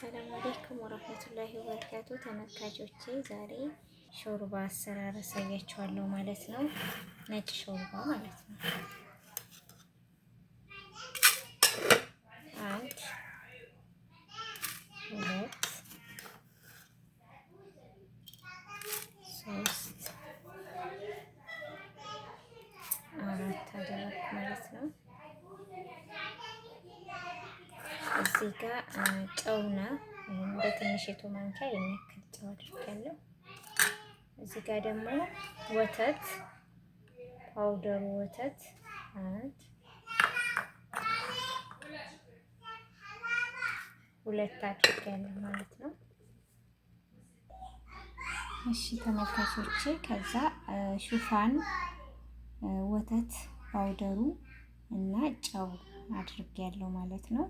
ሰላም አለይኩም ወረህመቱላሂ ወበረካቱ ተመልካቾቼ፣ ዛሬ ሾርባ አሰራር አሳያችኋለሁ ማለት ነው። ነጭ ሾርባ ማለት ነው። አንድ ሁለት እዚህ ጋር ጨውና በትንሽ የቱ ማንኪያ የሚያክል ጨው አድርጋለሁ። እዚህ ጋር ደግሞ ወተት ፓውደሩ ወተት አንድ ሁለት አድርጋለሁ ማለት ነው። እሺ ተመልካቾቼ፣ ከዛ ሹፋን ወተት ፓውደሩ እና ጨው አድርጌያለሁ ማለት ነው።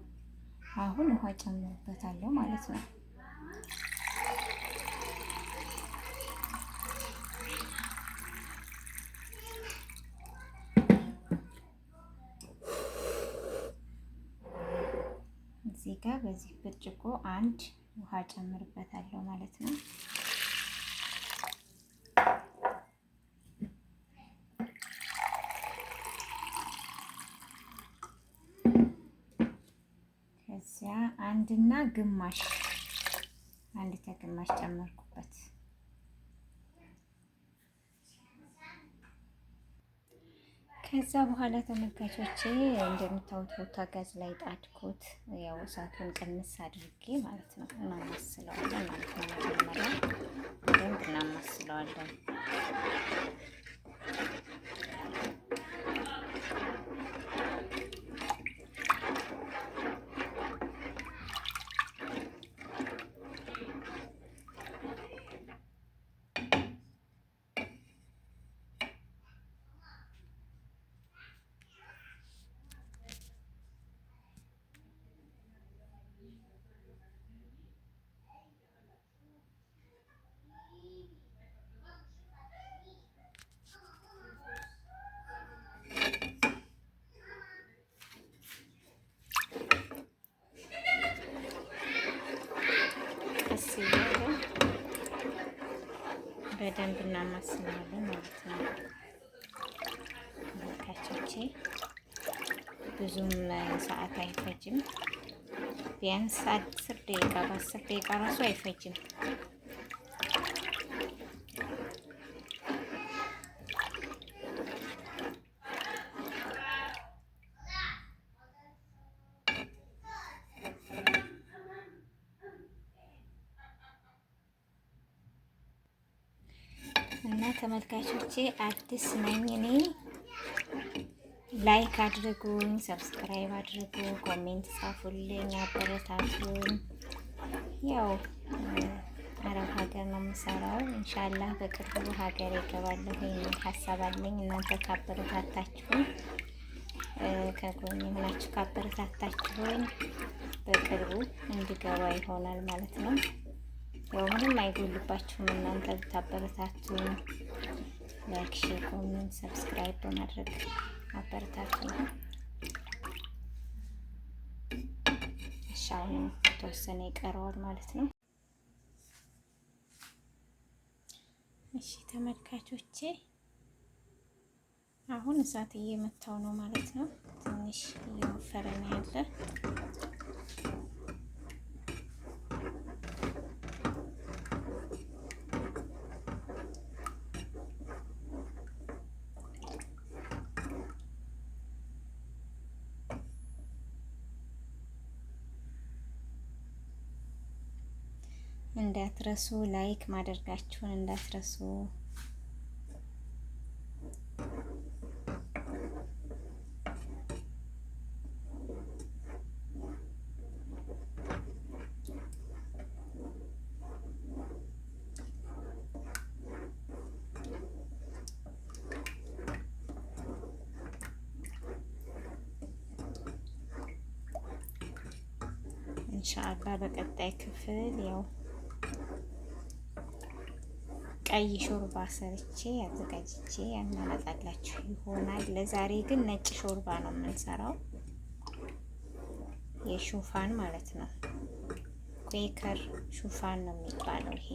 አሁን ውሃ ጨምርበታለሁ ማለት ነው። እዚህ ጋር በዚህ ብርጭቆ አንድ ውሃ ጨምርበታለሁ ማለት ነው። አንድና ግማሽ አንድ ከግማሽ ጨመርኩበት። ከዛ በኋላ ተመልካቾቼ እንደምታዩት ቦታ ጋዝ ላይ ጣድኩት። ያው እሳቱን ቅንስ አድርጌ ማለት ነው እናማስለዋለን ማለት ነው። መጀመሪያ በደንብ እናማስለዋለን። በደንብ እናማስለዋለን ማለት ነው። መልካቾቼ ብዙም ሰዓት አይፈጅም። ቢያንስ አስር ደቂቃ በአስር ደቂቃ ራሱ አይፈጅም። እና ተመልካቾቼ አዲስ ነኝ እኔ። ላይክ አድርጉኝ፣ ሰብስክራይብ አድርጉ፣ ኮሜንት ጻፉልኝ፣ አበረታቱኝ። ያው አረብ ሀገር ነው የምሰራው። እንሻላህ በቅርቡ ሀገር ይገባለሁ የሚል ሀሳብ አለኝ። እናንተ ካበረታታችሁኝ፣ ከጎኝ ሆናችሁ ካበረታታችሁኝ በቅርቡ እንድገባ ይሆናል ማለት ነው። ያው ምንም አይጎልባችሁም። እናንተ ብታበረታቱኝ ላይክ፣ ሼር፣ ኮሜንት፣ ሰብስክራይብ በማድረግ አበረታቱኝ። እሺ አሁንም የተወሰነ ይቀረዋል ማለት ነው። እሺ ተመልካቾቼ አሁን እሳት እየመታው ነው ማለት ነው። ትንሽ እየወፈረ ነው ያለ እንዳትረሱ፣ ላይክ ማድረጋችሁን እንዳትረሱ። ኢንሻአላህ በቀጣይ ክፍል ያው ቀይ ሾርባ ሰርቼ አዘጋጅቼ ያናመጣላችሁ ይሆናል። ለዛሬ ግን ነጭ ሾርባ ነው የምንሰራው፣ የሹፋን ማለት ነው። ኩዌከር ሹፋን ነው የሚባለው ይሄ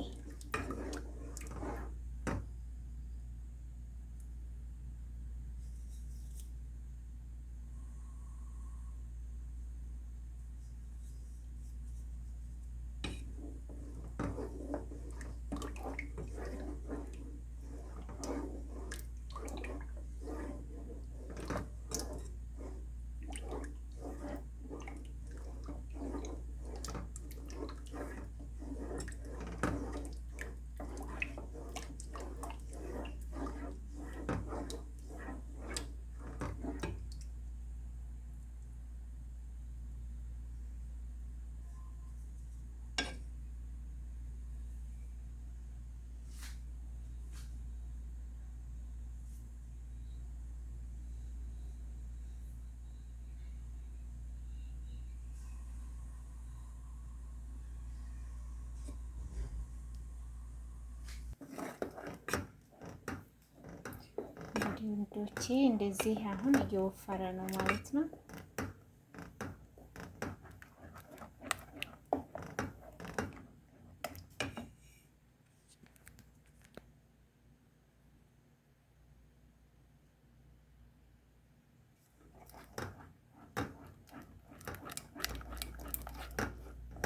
ውዶቼ እንደዚህ አሁን እየወፈረ ነው ማለት ነው።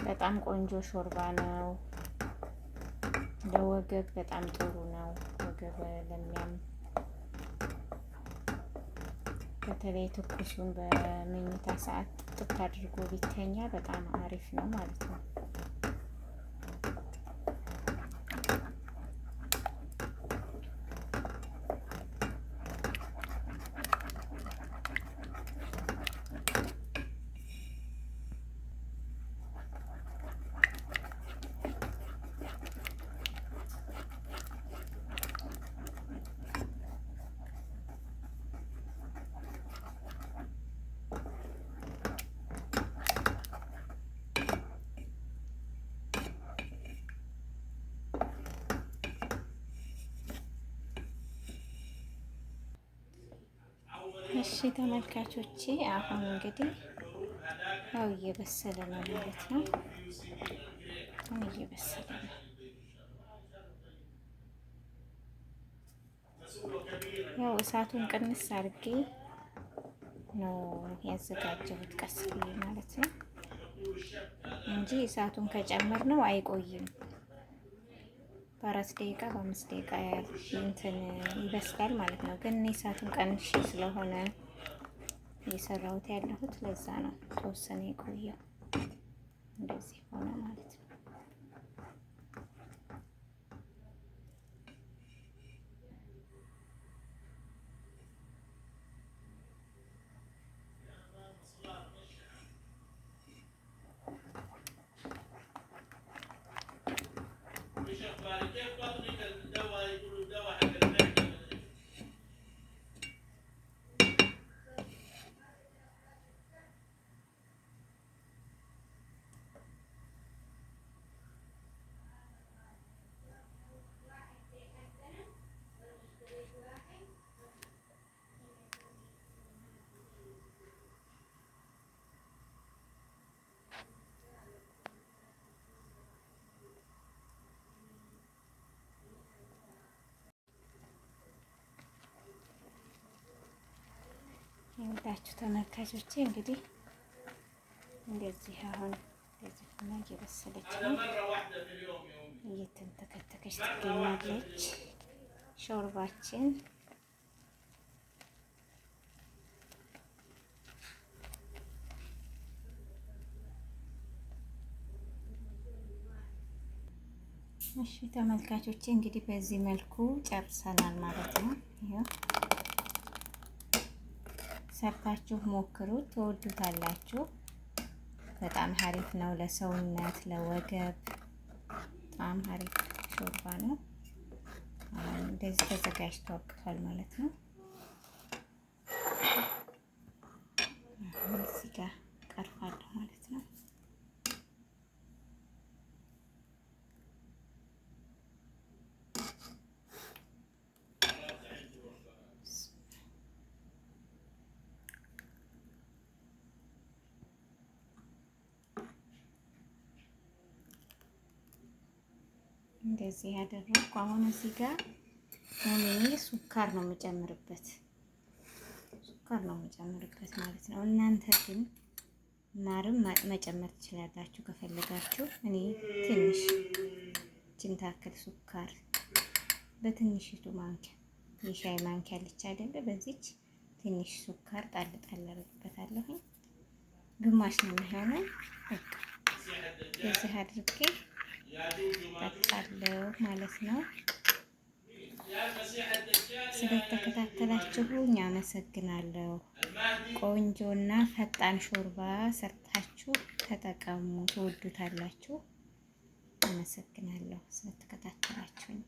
በጣም ቆንጆ ሾርባ ነው። ለወገብ በጣም ጥሩ ነው። ወገብ ለሚያም በተለይ ትኩሱን በመኝታ ሰዓት ጥጥ አድርጎ ቢተኛ በጣም አሪፍ ነው ማለት ነው። እሺ ተመልካቾቼ አሁን እንግዲህ ያው እየበሰለ ነው ማለት ነው። አሁን እየበሰለ ነው። ያው እሳቱን ቅንስ አድርጌ ነው ያዘጋጀሁት፣ ቀስ ብዬ ማለት ነው እንጂ እሳቱን ከጨመር ነው አይቆይም። በአራት ደቂቃ በአምስት ደቂቃ እንትን ይበስላል ማለት ነው። ግን እኔ እሳቱን ቀንሼ ስለሆነ እየሰራሁት ያለሁት ለዛ ነው ተወሰነ የቆየው እንደዚህ ሆነ ማለት ነው። ላችሁ ተመልካቾቼ እንግዲህ እንደዚህ አሁን እንደዚህ ሆና እየበሰለች ነው እየተንተከተከች ትገኛለች። ሾርባችን እሺ ተመልካቾቼ እንግዲህ በዚህ መልኩ ጨርሰናል ማለት ነው። ሰርታችሁ ሞክሩት፣ ትወዱታላችሁ። በጣም ሀሪፍ ነው ለሰውነት፣ ለወገብ በጣም ሀሪፍ ሾርባ ነው። እንደዚህ ተዘጋጅቶ አብቅቷል ማለት ነው። እዚህ ጋር ቀርፋለሁ ማለት ነው። እንደዚህ ያደረግኩ። አሁን እዚህ ጋር እኔ ሱካር ነው የምጨምርበት፣ ሱካር ነው የምጨምርበት ማለት ነው። እናንተ ግን ማርም መጨመር ትችላላችሁ ከፈለጋችሁ። እኔ ትንሽ ችን ታክል ሱካር በትንሽቱ ማንኪያ የሻይ ማንኪያ ልቻ አይደለ፣ በዚች ትንሽ ሱካር ጣል ጣል አደርግበታለሁ። ግማሽ ነው የሚሆነው በቃ እዚህ አድርጌ ጠጣለሁ ማለት ነው። ስለተከታተላችሁ አመሰግናለሁ። ቆንጆና ፈጣን ሾርባ ሰርታችሁ ተጠቀሙ፣ ትወዱታላችሁ። አመሰግናለሁ ስለተከታተላችሁኝ።